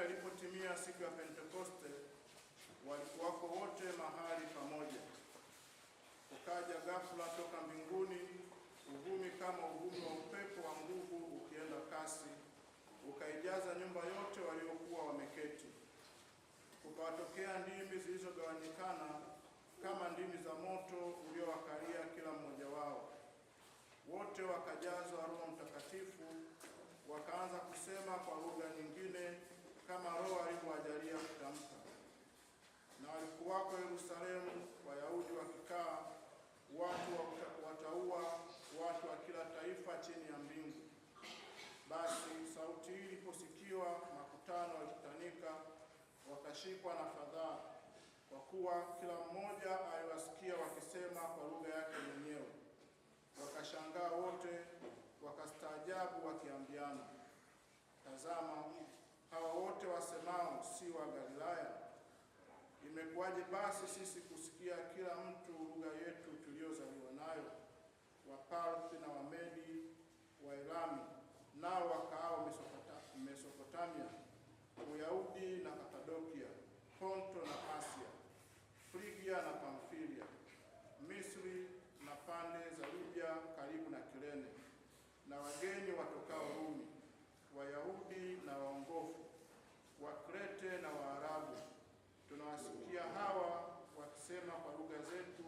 Pasaka ilipotimia siku ya Pentekoste, walikuwako wote mahali pamoja. Ukaja ghafula toka mbinguni uvumi kama uvumi wa upepo wa nguvu ukienda kasi, ukaijaza nyumba yote waliokuwa wameketi. Kukawatokea ndimi zilizogawanyikana kama ndimi za moto uliowakalia kila mmoja wao. Wote wakajazwa Roho Mtakatifu, wakaanza kusema kwa lugha nyingine kama Roho alivyoajalia kutamka. Na walikuwako Yerusalemu Wayahudi wakikaa, watu wataua, watu wa kila taifa chini ya mbingu. Basi sauti hii iliposikiwa, makutano walikutanika wakashikwa na fadhaa, kwa kuwa kila mmoja aliwasikia wakisema kwa lugha yake mwenyewe. Wakashangaa wote, wakastaajabu wakiambiana, tazama nao si wa Galilaya? Imekuwaje basi sisi kusikia kila mtu lugha yetu tuliyozaliwa nayo? Waparthi na Wamedi, Waelami nao wakaao Mesopotamia, Uyahudi na Kapadokia, Ponto na Asia, Frigia na Pamfilia, Misri na pande za Libya karibu na Kirene, na wageni watokao Rumi, Wayahudi nasikia hawa wakisema kwa lugha zetu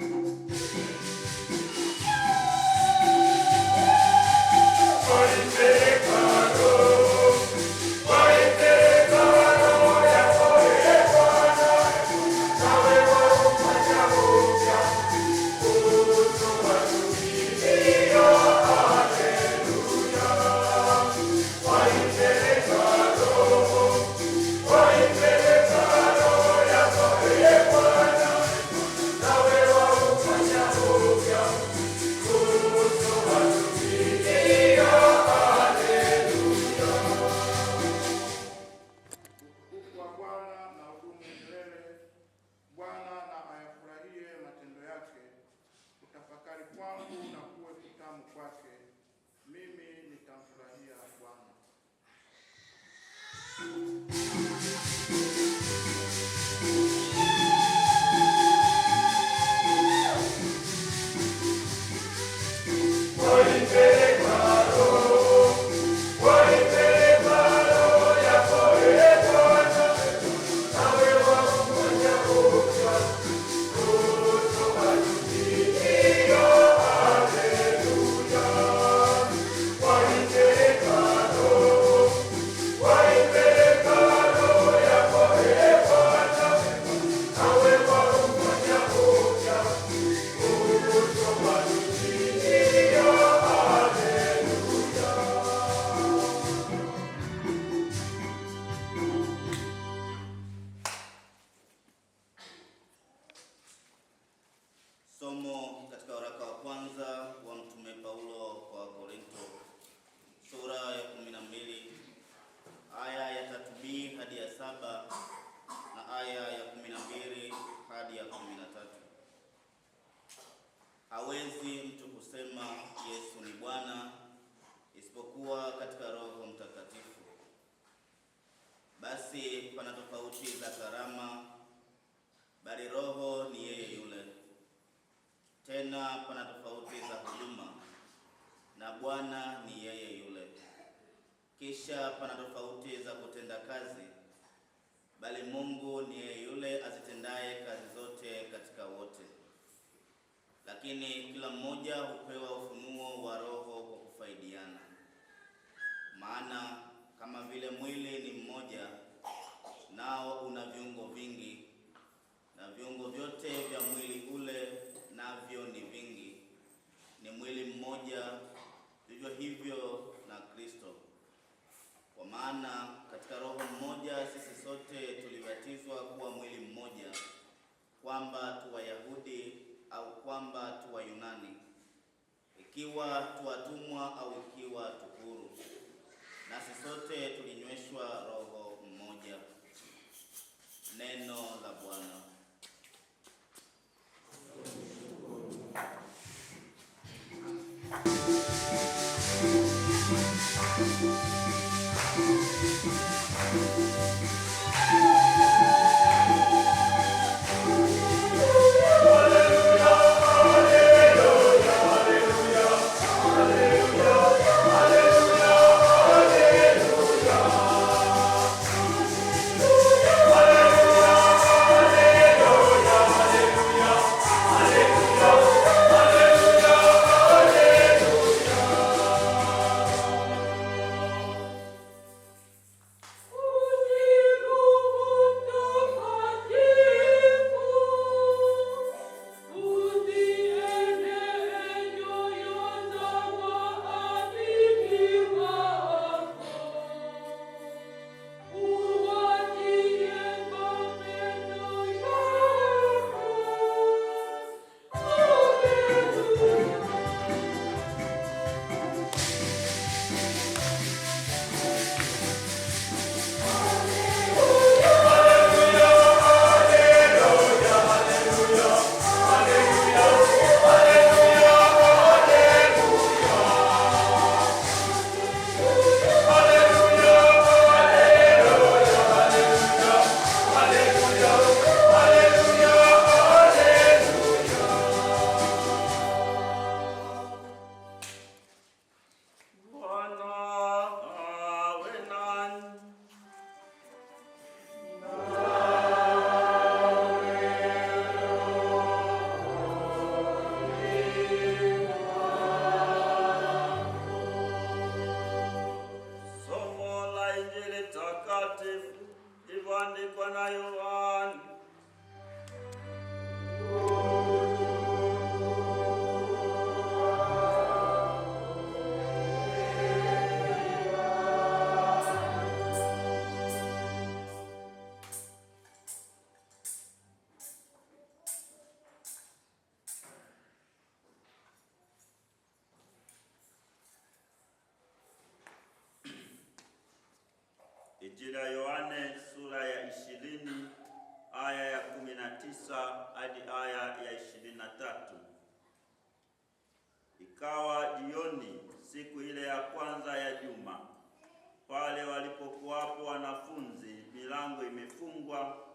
Thank you. tofauti za karama, bali Roho ni yeye yule. Tena pana tofauti za huduma, na Bwana ni yeye yule. Kisha pana tofauti za kutenda kazi, bali Mungu ni yeye yule azitendaye kazi zote katika wote. Lakini kila mmoja hupewa ufunuo wa Roho kwa kufaidiana. Maana kama vile mwili ni mmoja nao una viungo vingi, na viungo vyote vya mwili ule navyo ni vingi. Ni mwili mmoja, vivyo hivyo na Kristo. Kwa maana katika roho mmoja sisi sote tulibatizwa kuwa mwili mmoja, kwamba tu Wayahudi au kwamba tu Wayunani, ikiwa tu watumwa au ikiwa tu huru, sisi Injili ya Yohane sura ya 20 aya ya 19 hadi aya ya 23 Ikawa jioni siku ile ya kwanza ya juma, pale walipokuwapo wanafunzi, milango imefungwa